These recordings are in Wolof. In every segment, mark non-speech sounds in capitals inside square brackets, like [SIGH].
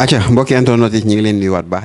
acca mbokki internet yi ñu ngi leen di waat baax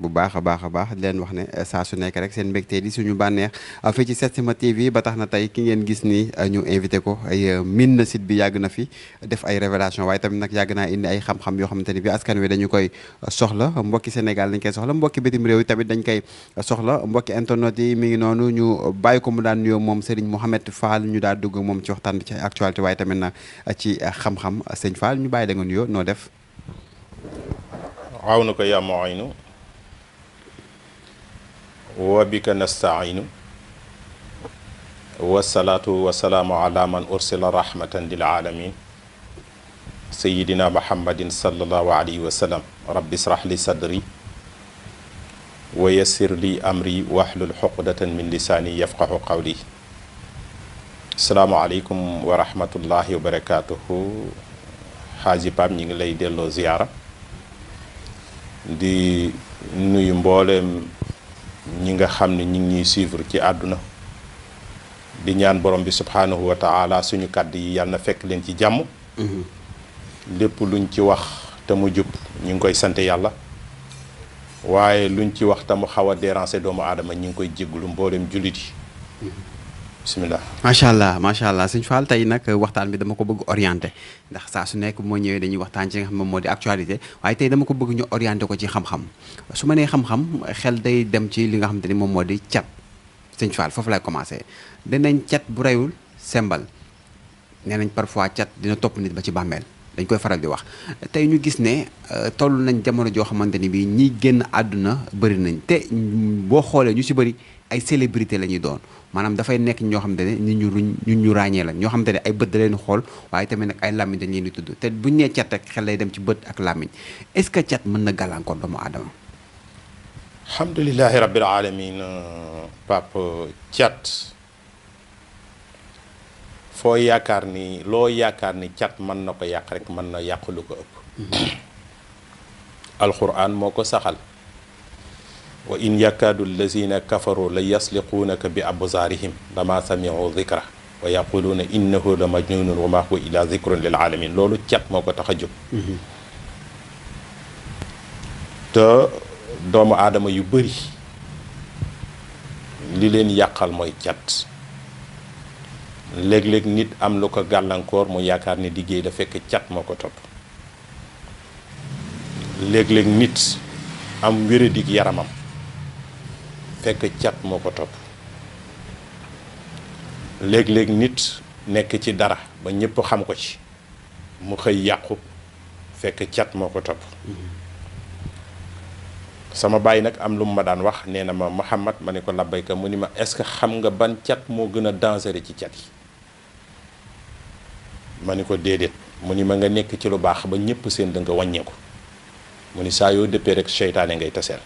bu baax a baax a wax ne eh, saa su nekk rek seen mbégte di suñu bànneex eh, fii ci Setsima TV ba tax na tey ki ngeen gis ni eh, ñu invité ko ay min na yàgg na fi def ay révélation waaye nag yàgg naa indi ay xam yoo xamante ni bi askan wi dañu koy soxla mbokki Sénégal dañ koy soxla mbokki bitim réew yi tamit dañ koy soxla mbokki internet yi ngi noonu ñu bàyyi ko mu daan nuyoo moom Serigne Mohamed faal ñu daal dugg moom ci waxtaan bi ci actualité waaye tamit na ci xam-xam sëñ faal ñu bàyyi da nga nuyoo noo def aw na ko yaa mu'inu wa bika nasta'inu wasalaatu wasalaamu ala man ursila rahmatan lil alamin sayidina muhammadin sallallahu alayhi wa sallam rabbi israh li sadri wa yassir li amri wahlul xuqdatan min lisaani yafqahu qawli salaamualeykum wa rahmatullahi wa barakaatuhu xaaji Pape ñi ngi lay delloo ziyaara di nuyu mbooleem ñi nga xam ne ñi ngi ñuy suivre ci àdduna di ñaan borom bi subhaanahu wa suñu kàdd yi yàlla na fekk leen ci jàmm mm-hmm. lépp luñ ci wax te mu jub ñu ngi koy sante yàlla waaye luñ ci wax te mu xaw a déranger doomu aadama ñi ngi koy jégglu mbooleem jullit yi mm-hmm. bisimilah macha allah macha allah sëñ Fall tey nag waxtaan bi dama ko bëgg orienté ndax saa su nekk moo ñëwee dañuy waxtaan ci nga xam moom moo di actualité waaye tey dama ko bëgg ñu orienté ko ci xam-xam su ma nee xam-xam xel day dem ci li nga xamante ni moom moo di cat sëñ Fall foofu lay commencé danañ cat bu reyul sembal nee nañ parfois cat dina topp nit ba ci bàmmeel dañ koy faral di wax tey ñu gis ne euh, toll nañ jamono joo xamante ni bii ñiy génn àdduna bëri nañ te boo xoolee ñu si bëri ay célébrité la ñuy doon maanaam dafay nekk ñoo xam ne nit ñu ruñ ñun ñu ràññee la ñoo xam te ne ay bët da leen xool waaye tamit nag ay làmmiñ dañ leen di tudd te buñ nee cat rek xel lay dem ci bët ak làmmiñ est-ce que cat mën na gàllankoor doomu aadama alhamdulilahi rabbil alamin Pape cat foo yaakaar ni loo yaakaar ni cat mën na ko yàq rek mën na yàq lu ko ëpp mm-hmm. alquran moo ko saxal wa in yakaadu allazina kafaru la yasliquunaka bi absaarihim lama samiu dikra wa yaquluuna innahu la majnunun wa ma huwa lil alamin loolu cet moo ko tax a jóg te doomu aadama yu bari li leen yàqal mooy cat léeg-léeg nit am lu ko gàllankoor mu yaakaar ni liggéey la fekk cat moo ko topp léeg-léeg nit am wéradik yaramam fekk cat moo ko topp léeg-léeg nit nekk ci dara ba ñëpp xam ko ci mu xëy yàqu fekk cat moo ko topp sama bàyyi nag am lu mu ma daan wax nee na ma Mouhamad ma ne ko labbayka mu ni ma est-ce que xam nga ban cat moo gën a dangereux ci cat yi ma ni ko déedéet mu ni ma nga nekk ci lu baax ba ñëpp seen da nga wàññeeku mu ni saa yoo dëppee rek seytaane ngay taseel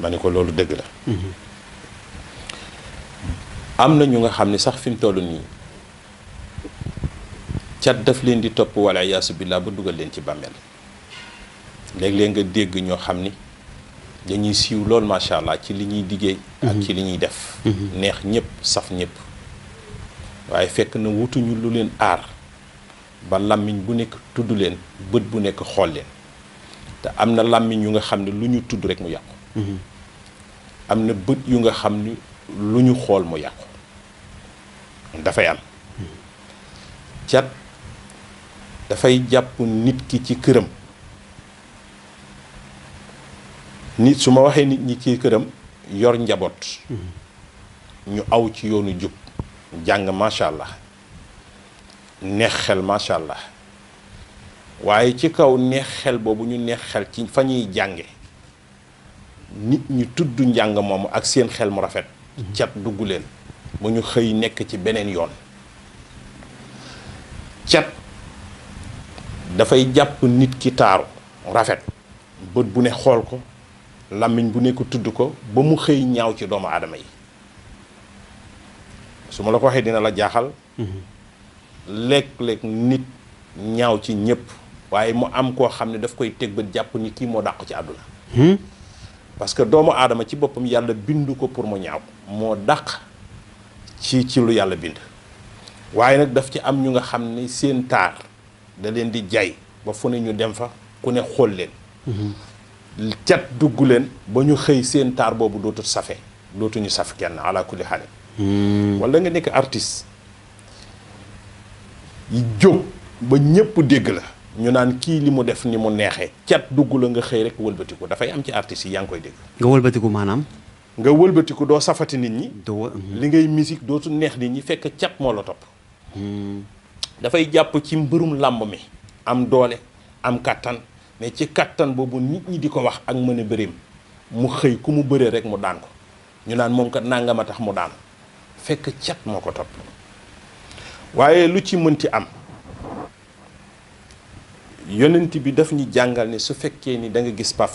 ma ne ko loolu dëgg la am na ñu nga xam ne sax fi mu toll nii cat daf leen di topp wala yaasu billaa ba dugal leen ci bàmmeel léeg leen nga dégg ñoo xam ni dañuy siiw lool macha allah ci li ñuy liggéey ak ci li ñuy def neex ñëpp saf ñëpp waaye fekk na wutuñu lu leen aar ba làmmiñ bu nekk tudd leen bët bu nekk xool leen te am na làmmiñ yu nga xam ne lu ñu tudd rek mu yàqu am na bët yu nga xam ni lu ñu xool mu yàqu dafay am cat dafay jàpp nit ki ci këram nit su ma waxee nit ñi ci këram yor njaboot ñu aw ci yoonu jub jàng macha allah neex xel macha allah waaye ci kaw neex xel boobu ñu neex xel ci fa ñuy jànge nit ñi tudd njàng moomu ak seen xel mu rafet cat dugg leen ba ñu xëy nekk ci beneen yoon cat dafay jàpp nit ki taaru rafet bët bu ne xool ko làmmiñ bu nekk tudd ko ba mu xëy ñaaw ci doomu aadama yi su ma la ko waxee dina la jaaxal léeg-léeg nit ñaaw ci ñëpp waaye mu am koo xam ne daf koy teg bët jàpp ni kii moo dàq ci àdduna hmm? parce que doomu aadama ci boppam yàlla bindu ko pour mu ñaaw moo dàq ci ci lu yàlla bind waaye nag daf ci am ñu nga xam ni seen taar da leen di jaay ba fu ne ñu dem fa ku ne xool leen mm-hmm. cat dugg leen ba ñu xëy seen taar boobu dootu safe dootuñu saf kenn ala kulli xale mm-hmm. wala nga nekk artiste jóg ba ñëpp dégg la ñu naan kii li mu def ni mu neexee cat dugg la nga xëy rek wëlbatiku dafay am ci artistes yi yaa ngi koy dégg. nga wëlbatiku maanaam. nga wëlbatiku doo safati nit ñi. doo mhm. li ngay musique dootu neex nit fekk cat moo la topp. Hmm. dafay jàpp ci mbërum làmb mi. am doole am kattan mais ci kattan boobu nit ñi di ko wax ak mëne a mu xëy ku mu bëree rek mu daan ko ñu naan moom kat nangama tax mu daan fekk cat moo ko topp waaye lu ci mënti am. yonent bi daf ñu jàngal ne su fekkee ni da nga gis pa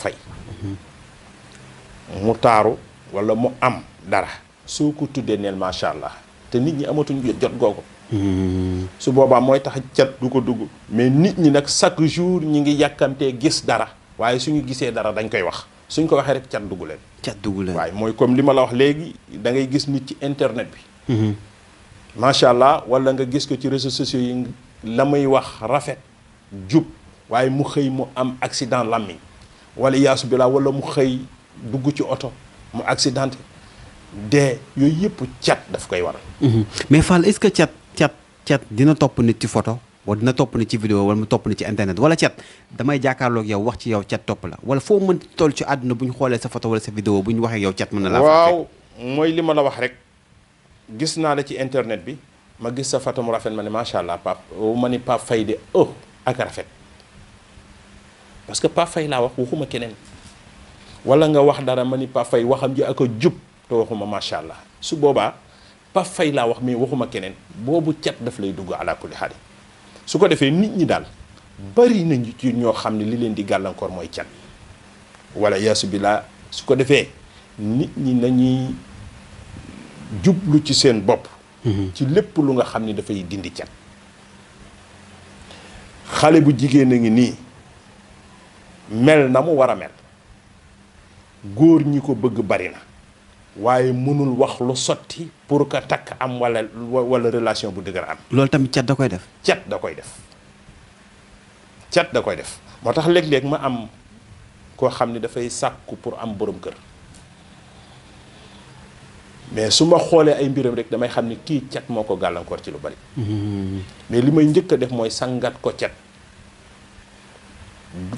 mu taaru walla mu am dara soo ko tuddee neel macha allah te nit ñi amatuñ jot googu mm-hmm. su boobaa mooy tax cat du ko dugg mais nit ñi nag chaque jour ñi ngi yàkkantee gis dara waaye suñu gisee dara dañ koy wax suñ ko waxee rek cat dugg leen cat dugg leen waaye mooy comme li ma la wax léegi da ngay gis nit ci internet bi mm-hmm. macha allah walla nga gis ko ci réseaux sociaux yi la may wax rafet jub waaye mu xëy mu am accident làmmiñ wala yaasu bi laa wala mu xëy dugg ci oto mu accidenté dee yooyu yëpp cat daf koy waral. Mhm. mais Fall est que cat cat cat dina topp nit ci photo wala dina topp nit ci vidéo wala mu topp nit ci internet wala cat damay jàkkaarloog yow wax ci yow cat topp la wala foo mën toll ci àdduna bu ñu xoolee sa photo wala sa vidéo bu ñu waxee yow cat mën na laa. waaw mooy li ma la wax rek gis naa la ci internet bi ma gis sa photo mu rafet ma ne macha allah Pape ma ni Pape Faye de oh ak rafet. parce que Pape Faye laa wax waxuma keneen wala nga wax dara ma ni Pape waxam ji ak a jub te waxuma macha allah su boobaa Pape Faye laa wax mais waxuma keneen boobu cat daf lay dugg ala kulli su ko defee nit ñi daal bari nañu ñoo xam ne li leen di gàllankoor mooy wala yaasu bi laa su ko defee nit ñi nañuy jublu ci seen bopp. Mm-hmm. ci lépp lu nga xam ni dafay dindi cat. xale bu jigéen a ngi nii. mel na mu war a mel góor ñi ko bëgg bari na waaye mënul wax lu sotti pour que takk am wala wala relation bu dëgër am. loolu tamit cat da koy def. cat da koy def cat da koy def moo tax léeg-léeg ma am koo xam ne dafay sàkku pour am borom kër mais su ma xoolee ay mbiram rek damay xam ni kii cat moo ko gàllankoor ci lu bari. Mm-hmm. mais li may njëkk a def mooy sangat ko cat.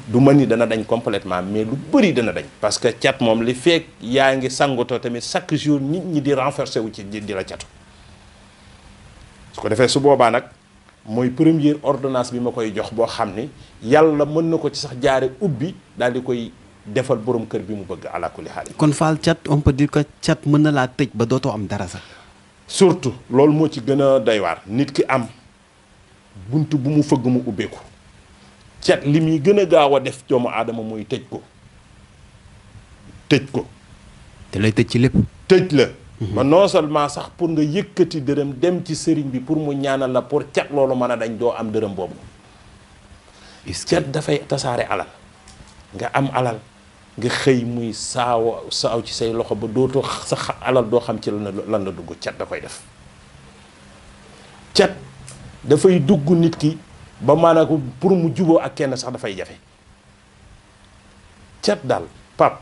du ma ni dana dañ complètement mais lu bëri dana dañ parce que cat moom li feek yaa ngi sangutoo tamit chaque jour nit ñi di renforcer wu ci di la catu su ko defee su boobaa nag mooy première ordonnance bi ma koy jox boo xam ni yàlla mën na ko ci sax jaare ubbi daal di koy defal borom kër bi mu bëgg ala kulli xaal kon faal cat on peut dire que cat mën na laa tëj ba dootoo am dara sax surtout loolu moo ci gën a daywaar nit ki am bunt bu mu fëgg mu ubbeeku seet li muy gën a gaaw a def doomu aadama mooy tëj ko tëj ko. te lay tëj ci lépp. tëj la. ma mhm. non seulement sax pour nga yëkkati dërëm dem ci sëriñ bi pour mu ñaanal la pour cat loolu mën a dañ doo am dërëm boobu. cat dafay tasaare alal. nga am alal nga xëy muy saaw saaw ci say loxo ba dootoo sax alal doo xam ci lan la dugg cat da koy def. cat dafay dugg nit ki ba maanaam pour mu juboo ak kenn sax dafay jafe cat daal pap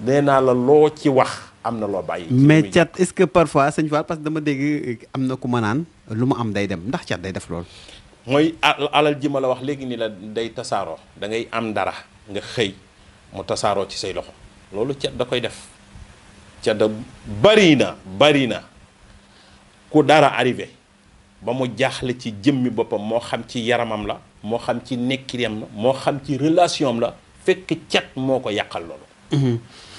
nee naa la loo ci wax am na loo bàyyi. mais cat est-ce que parfois sëñ Fall parce que dama dégg am na ku ma naan lu mu am day dem ndax cat day def lool. mooy alal ji ma la wax léegi nii la day tasaaroo da ngay am dara nga xëy mu tasaaroo ci say loxo loolu cat da koy def cat da bari na bari na ku dara arrivé. ba mu jaaxle ci jëmmi boppam moo xam ci yaramam la moo xam ci nekkinam la moo xam ci relation am la fekk cat moo ko yàqal loolu mhm.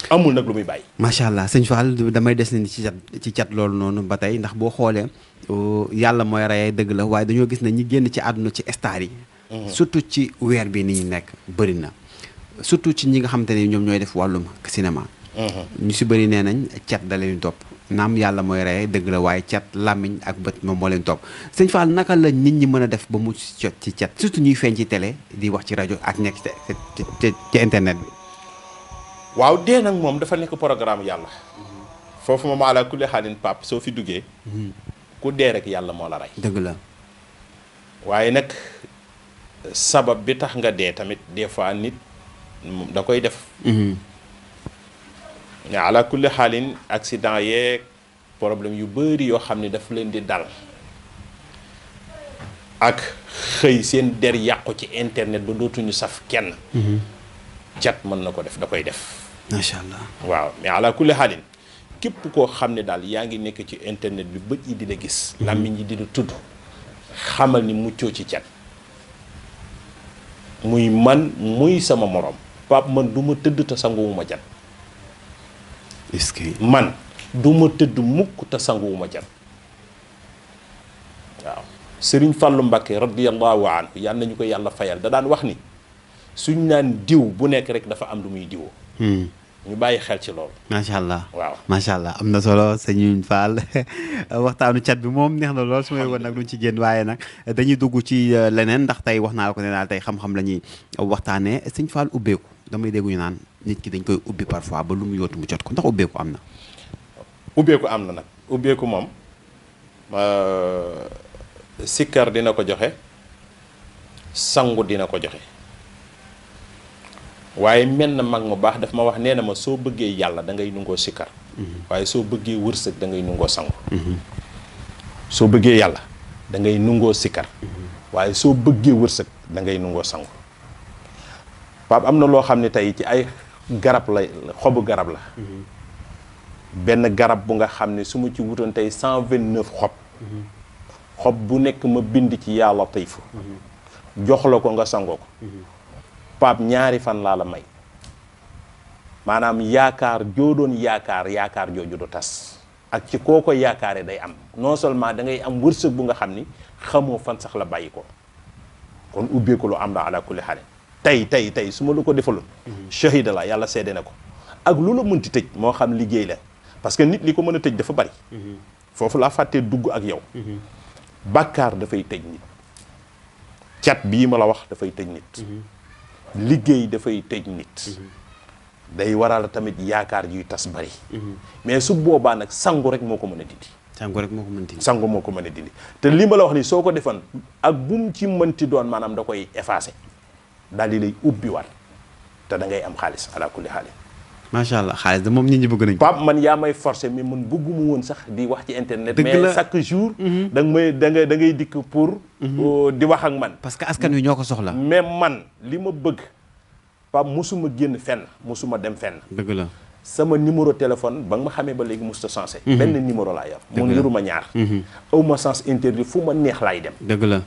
amul nag lu muy bàyyi macha allah sëñ Fall damay des ni ci cat ci cat loolu noonu ba tey ndax boo xoolee uh, yàlla mooy reyee dëgg la waaye dañoo gis ne ñi génn ci àdduna ci star yi mhm. surtout ci weer bi ni ñu nekk bëri na surtout ci ñi nga xam xamante ne ñoom ñooy def wàllum cinéma mhm. ñu si bëri nee nañ cat da leen topp naam yàlla mooy reye dëgg la waaye cat làmmiñ ak bët moom moo leen topp sëñ Fall naka la nit ñi mën a def ba mu jot ci cat surtout ñuy feeñ ci télé di wax ci rajo ak nekk ci internet bi waaw dee nag moom dafa nekk programme yàlla foofu moom ala kulli xaalin pap soo fi duggee hmm. ku dee rek yàlla moo la rey dëgg la waaye nag sabab bi tax nga dee tamit des fois nit da koy def hmm. ne ala xaalin accident yeeg problème yu bëri yoo xam ne daf leen di dal ak xëy seen der yàqu ci internet ba dootuñu saf kenn mhm. cat mën na ko def da koy def macha allah waaw mais ala xaalin képp koo xam ne daal yaa ngi nekk ci internet bi bët yi dina gis mhm. làmmiñ yi dina tudd xamal ni muccoo ci cat muy man muy sama morom pap man du ma tëdd te sanguwuma cat est-ce que man du ma tëdd mukk te sanguwuma jat waaw sëriñ Fàllu Mbàkke radiallahu anhu yal nañu ko yàlla fayal da daan wax ni suñ naan diw bu nekk rek dafa am lu muy diwoo hmm. ñu bàyyi xel ci loolu. macha allah waaw macha allah am na solo sëñ Fall [LAUGHS] waxtaanu cat bi moom neex na lool su may woon nag luñ ci génn waaye nag dañuy dugg ci euh, leneen ndax tey wax naa la ko ne daal tey xam-xam la ñuy waxtaanee sëñ Fall ubbeeku damay dégg ñu naan nit ki dañ koy ubbi parfois ba lu mu yóotu jot ko ndax ubbeeku am na. ubbeeku am na nag ubbeeku moom euh, sikkar dina ko joxe sangu dina ko joxe. waaye mel na mag mu baax daf ma wax nee na ma soo bëggee yàlla dangay ngay nungoo sikkar mhm. waaye soo bëggee wërsëg da ngay nungoo sangu mhm. soo bëggee yàlla da ngay nungoo mhm. waaye soo bëggee wërsëg da ngay nungoo sangu Pape am na loo xam ne tey ci ay garab la xobu garab la benn garab bu nga xam ne su ma ci wutoon tey cent vingt neuf xob xob bu nekk ma bind ci yàlla tayfu jox la ko nga sangoo ko paap ñaari fan laa la may maanaam yaakaar joo doon yaakaar yaakaar jooju du tas ak ci koo ko yaakaare day am non seulement da ngay am wërsëg bu nga xam ni xamoo fan sax la bàyyi ko kon ubbeeku lu am la ala kulli xale tey tey tey su ma lu ko defaloon. shahida la yàlla seede na ko ak lu la mënti tëj moo xam liggéey la parce que nit li ko mën a tëj dafa bari. foofu laa fàttee dugg ak yow. bàkkaar dafay tëj nit. cat bii ma la wax dafay tëj nit. liggéey dafay tëj nit. Mhm. day waral tamit yaakaar yuy tas bari. Mhm. mais su boobaa nag sangu rek moo ko mën a dindi. sangu rek moo ko mën a dindi. moo ko mën a dindi te lii ma la wax nii soo ko defan ak bu mu ci mënti doon maanaam da koy effacé daal di lay ubbiwaat te da ngay am xaalis ala kulli macha allah xaalis de moom nit ñi bëgg nañ Pape man yaa may forcé mais man bëgguma woon sax di wax ci internet mais chaque jour mhm. danga nga may da nga dikk pour mhm. euh, di wax ak man parce que askan wi ñoo ko soxla mais man li ma bëgg Pape mosuma génn fenn mosuma dem fenn dëgg la sama numéro téléphone ba nga xamee ba léegi musta sensé mhm. benn numéro laa yor moom yoruma ñaar aw ma sens interdit fu ma neex laay dem dëgg la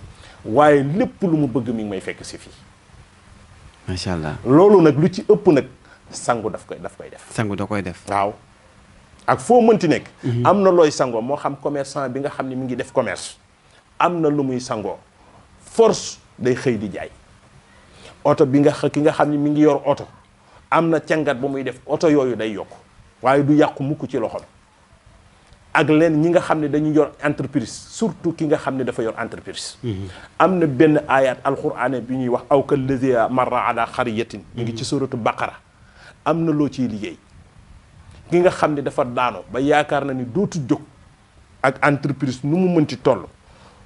waaye lépp lu mu bëgg mi ngi may fekk si fii macha allah loolu nag lu ci ëpp nag sangu daf koy daf koy def. sangu da koy def waaw. ak foo mënti nekk. Mhm. am na looy sangoo moo xam commerçant bi nga xam ne mu ngi def commerce. am na lu muy sangoo force day xëy di jaay oto bi nga ki nga xam ni mi ngi yor oto am na càngat bu muy def oto yooyu day yokk waaye du yàqu mukk ci loxoom ak leen ñi nga xam ne dañu yor entreprise surtout ki nga xam ne dafa yor entreprise mhm. am na benn ayat alxuraane bi ñuy wax aw ka lazia marra ala xariyatin mi ngi ci suratu baqara am na loo ci liggéey ki nga xam ne dafa daano ba yaakaar na ni dootu jóg ak entreprise nu mu mënti toll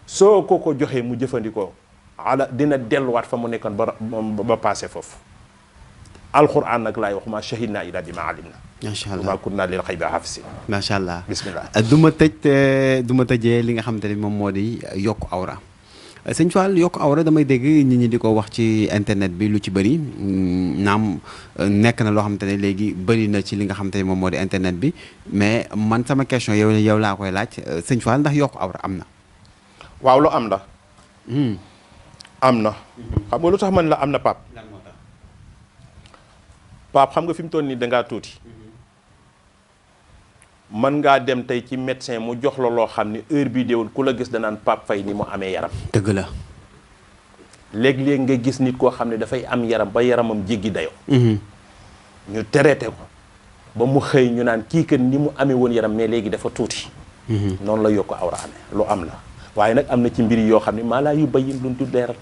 soo ko ko joxee mu jëfandikoo ala dina delluwaat fa mu nekkoon ba ba passé foofu alxuraan nag laay wax ma shahid naa ilaa bi ma alim na macha allah kun naa lil xayba hafisin macha allah bismillah du ma tëj du ma tëjee li nga xamante ne moom moo di yokk awra sëñ Fall yokk awra damay dégg nit ñi di ko wax ci internet bi lu ci bëri naam nekk na loo xamante ne léegi bari na ci li nga xam xamante ne moom moo di internet bi mais man sama question yow yow laa koy laaj sëñ Fall ndax yokk awra am na. waaw lu am na. Hmm. am na. xam nga lu tax man la am na Pape. Pape xam nga fi mu toll nii dangaa tuuti. Hmm. man ngaa dem tey ci médecin mu jox la loo xam ne heure bi déewul ku la gis danaan Pape fay ni mu amee yaram. tëgg la. léegi léeg nga gis nit koo xam ne dafay am yaram ba yaramam jéggi dayoo. Mhm. ñu traité ko ba mu xëy ñu naan kii kat ni mu amee woon yaram mais léegi dafa tuuti. Mhm. noonu la yokk awra amee lu am la. waaye nag am na ci mbir yoo xam ne maanaam yu bayin luñ du leeral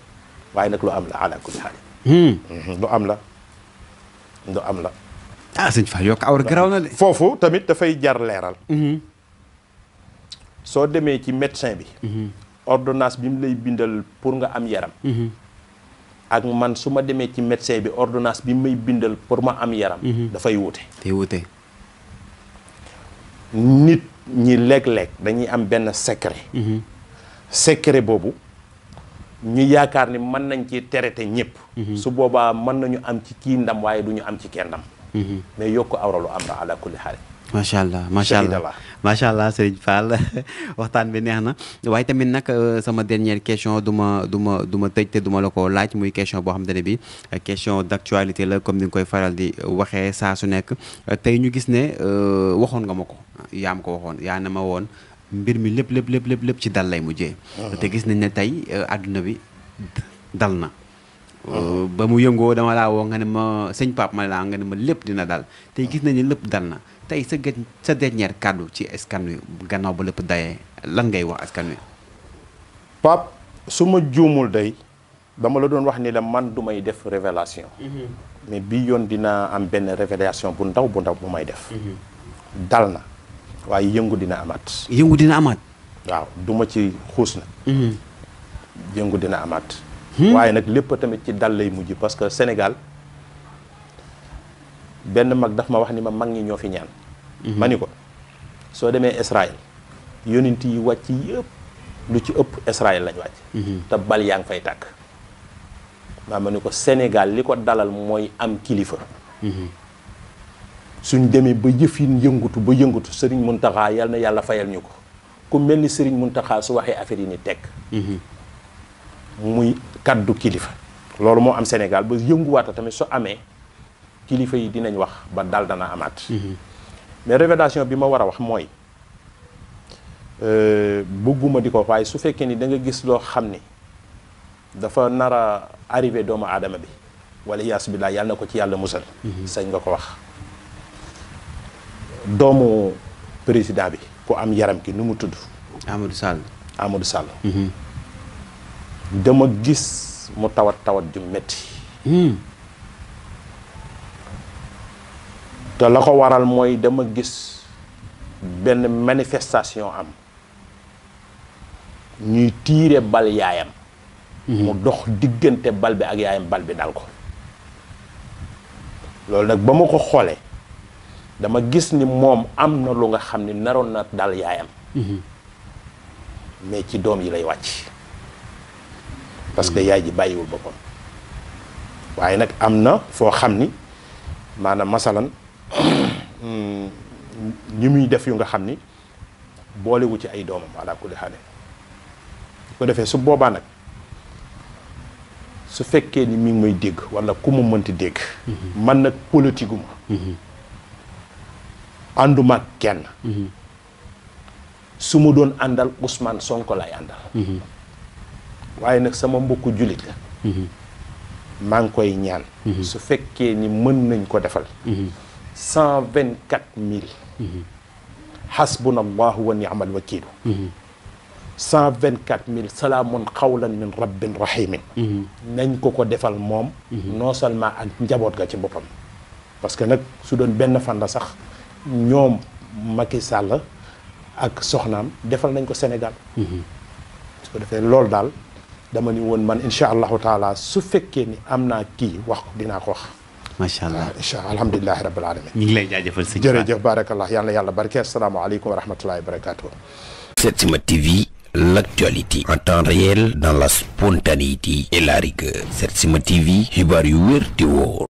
waaye nag lu am la ala kulli mhm. lu am la lu am la. ah sëñ Fall na foofu tamit dafay jar leeral. soo demee ci médecin bi. ordonnance bi mu lay bindal pour nga am yaram. ak man su ma demee ci médecin bi ordonnance bi may bindal pour ma am yaram. dafay wute. day wute. nit ñi léeg-léeg dañuy am benn secret. secret boobu ñu yaakaar ni mën nañ ci traité ñëpp. su boobaa mën nañu am ci kii ndam waaye du ñu am ci kenn ndam. mais yokk awralu am na ala kulli xaal macha allah macha allah macha allah sëriñ Fall [LAUGHS] waxtaan bi neex na waaye tamit nag euh, sama dernière question du ma du ma du ma tëj te du la ko laaj muy question boo xam te ne bi euh, question d'actualité la comme ni nga koy faral di waxee saa su nekk euh, tey ñu gis ne waxoon nga ma ko yaa ko waxoon yaa na ma woon mbir mi lépp lépp lépp lépp lépp ci dal lay mujjee ah. te gis nañ ne tey àdduna bi dal na Euh, ba mu yëngoo dama laa woo nga ne ma sëñ Pape ma laa nga ne ma lépp dina dal tey gis nañu lépp dal na tey sa gën sa dernier kàddu ci askan wi gannaaw ba lépp dayee lan ngay wax askan wi. Pape su ma juumul day dama la doon wax ni la man du may def révélation mhm. mais bii yoon dina am benn révélation bu ndaw bu ndaw bu may def. Mhm. na waaye yëngu dina amaat. yëngu dina amaat. waaw du ma ci xuus na. Mhm. yëngu dina amaat. Hmm? waaye nag lépp tamit ci dal lay mujj parce que Sénégal benn mag daf ma wax ni ma mag ñi ñoo fi ñaan. Hmm. ma ni ko soo demee Israël yonent yi wàcc yëpp lu ci ëpp Israël lañ wàcc. Hmm. te bal yaa ngi fay tàkk. maa ma ni ko Sénégal li ko dalal mooy am kilifa. suñ demee ba jëfin yëngutu ba yëngutu Serigne Mountakha yal na yàlla fayal ñu ko ku mel ni Serigne Mountakha su waxee affaire yi ni tekk. muy kaddu kilifa loolu moo am Sénégal ba yënguwaata tamit su amee kilifa yi dinañ wax ba dal dana amaat mhm. mais révélation bi ma war a wax mooy euh, bëgguma di ko waaye su fekkee ni danga gis loo xam ni dafa nara a doomu aadama bi wala yaas bilaa yàlla na ko ci yàlla musal mhm. sañ nga ko wax doomu président bi ku am yaram ki nu mu tudd Amadou Sall Amadou Sall mhm. dama gis mu tawat tawat ju metti hmm. te la ko waral mooy dama gis benn manifestation am ñuy tiire bal yaayam hmm. mu dox diggante bal bi ak yaayam bal bi dal ko loolu nag ba ma ko xoolee dama gis ni moom am na lu nga xam ne naroon na dal yaayam hmm. mais ci doom yi lay wàcc parce que yaay ji bàyyiwul boppam waaye nag am na foo xam ni maanaam masalan ñu muy def yu nga xam ni boolewu ci ay doomam ala kulli xaale bu defee su boobaa nag su fekkee ni mi ngi may dégg wala ku mu mënti dégg mm-hmm. man nag politique ma mm-hmm. ànduma kenn mm-hmm. su ma doon àndal Ousmane Sonko lay àndal waaye nag sama mbokku jullit la mhm. maa ngi koy ñaan mhm. su fekkee ni mën nañ ko defal mhm. cent vingt quatre mille xasbuna allahu wa niamal wakiilu cent vingt quatre mille salaamun xawlan min rabbin rahimin nañ ko ko defal moom non seulement ak njaboot ga ci boppam parce que nag su doon benn fan la sax ñoom Macky Sall ak soxnaam defal nañ ko Sénégal su ko defee loolu daal dama ni woon man incha allahu taala su fekkee ni am naa kii wax dinaa ko wax. macha allah incha allah alhamdulilah rabbil alamin. ñu ngi lay jaajëfal sëñ jërëjëf baarakallah yàlla yàlla barke salaamaaleykum wa rahmatullahi wa barakaatu. Setsima TV. L'actualité en temps réel dans la spontanéité et la rigueur. Setsima TV xibaar yu wér di